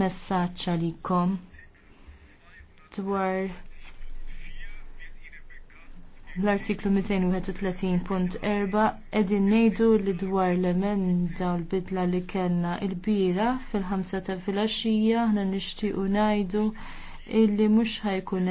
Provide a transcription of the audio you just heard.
messaċ għalikom dwar l-artiklu 231.4 edin nejdu li dwar l-emenda u l-bidla li kena il-bira fil ħamsa ta' fil-axija ħna nishtiqu najdu illi mux ħajkun